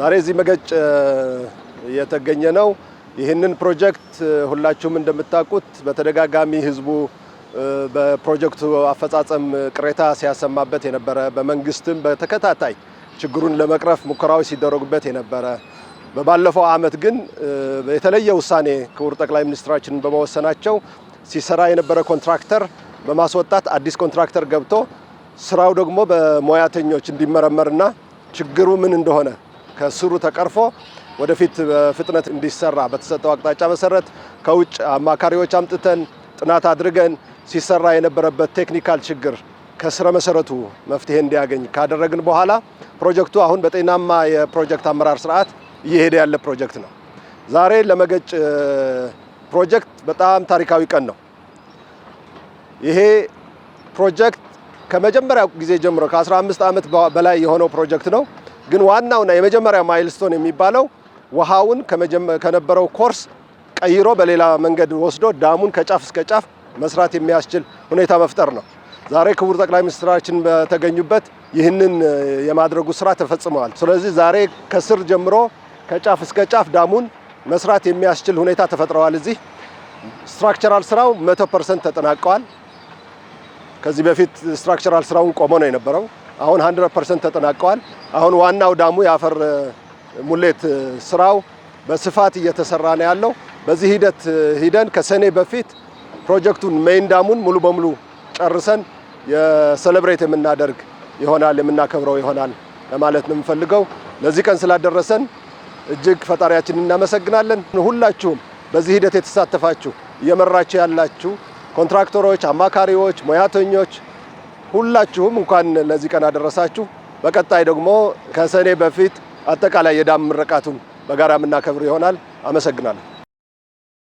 ዛሬ እዚህ መገጭ የተገኘ ነው። ይህንን ፕሮጀክት ሁላችሁም እንደምታውቁት በተደጋጋሚ ህዝቡ በፕሮጀክቱ አፈጻጸም ቅሬታ ሲያሰማበት የነበረ በመንግስትም በተከታታይ ችግሩን ለመቅረፍ ሙከራዎች ሲደረጉበት የነበረ በባለፈው አመት ግን የተለየ ውሳኔ ክቡር ጠቅላይ ሚኒስትራችንን በመወሰናቸው ሲሰራ የነበረ ኮንትራክተር በማስወጣት አዲስ ኮንትራክተር ገብቶ ስራው ደግሞ በሙያተኞች እንዲመረመርና ችግሩ ምን እንደሆነ ከስሩ ተቀርፎ ወደፊት በፍጥነት እንዲሰራ በተሰጠው አቅጣጫ መሰረት ከውጭ አማካሪዎች አምጥተን ጥናት አድርገን ሲሰራ የነበረበት ቴክኒካል ችግር ከስረ መሰረቱ መፍትሄ እንዲያገኝ ካደረግን በኋላ ፕሮጀክቱ አሁን በጤናማ የፕሮጀክት አመራር ስርዓት እየሄደ ያለ ፕሮጀክት ነው። ዛሬ ለመገጭ ፕሮጀክት በጣም ታሪካዊ ቀን ነው። ይሄ ፕሮጀክት ከመጀመሪያው ጊዜ ጀምሮ ከ15 ዓመት በላይ የሆነው ፕሮጀክት ነው። ግን ዋናውና የመጀመሪያ ማይልስቶን የሚባለው ውሃውን ከነበረው ኮርስ ቀይሮ በሌላ መንገድ ወስዶ ዳሙን ከጫፍ እስከ ጫፍ መስራት የሚያስችል ሁኔታ መፍጠር ነው። ዛሬ ክቡር ጠቅላይ ሚኒስትራችን በተገኙበት ይህንን የማድረጉ ስራ ተፈጽመዋል። ስለዚህ ዛሬ ከስር ጀምሮ ከጫፍ እስከ ጫፍ ዳሙን መስራት የሚያስችል ሁኔታ ተፈጥረዋል። እዚህ ስትራክቸራል ስራው 100% ተጠናቀዋል። ከዚህ በፊት ስትራክቸራል ስራውን ቆሞ ነው የነበረው። አሁን 100% ተጠናቀዋል። አሁን ዋናው ዳሙ የአፈር ሙሌት ስራው በስፋት እየተሰራ ነው ያለው። በዚህ ሂደት ሂደን ከሰኔ በፊት ፕሮጀክቱን ሜይን ዳሙን ሙሉ በሙሉ ጨርሰን የሰለብሬት የምናደርግ ይሆናል የምናከብረው ይሆናል ለማለት ነው የምፈልገው። ለዚህ ቀን ስላደረሰን እጅግ ፈጣሪያችን እናመሰግናለን። ሁላችሁም በዚህ ሂደት የተሳተፋችሁ እየመራችሁ ያላችሁ ኮንትራክተሮች፣ አማካሪዎች፣ ሙያተኞች ሁላችሁም እንኳን ለዚህ ቀን አደረሳችሁ። በቀጣይ ደግሞ ከሰኔ በፊት አጠቃላይ የዳም ምረቃቱን በጋራ የምናከብር ይሆናል። አመሰግናለሁ።